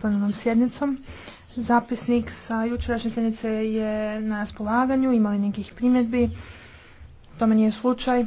plenarnom sjednicom. Zapisnik sa jučerašnje sjednice je na raspolaganju, imali nekih primjedbi, tome nije slučaj.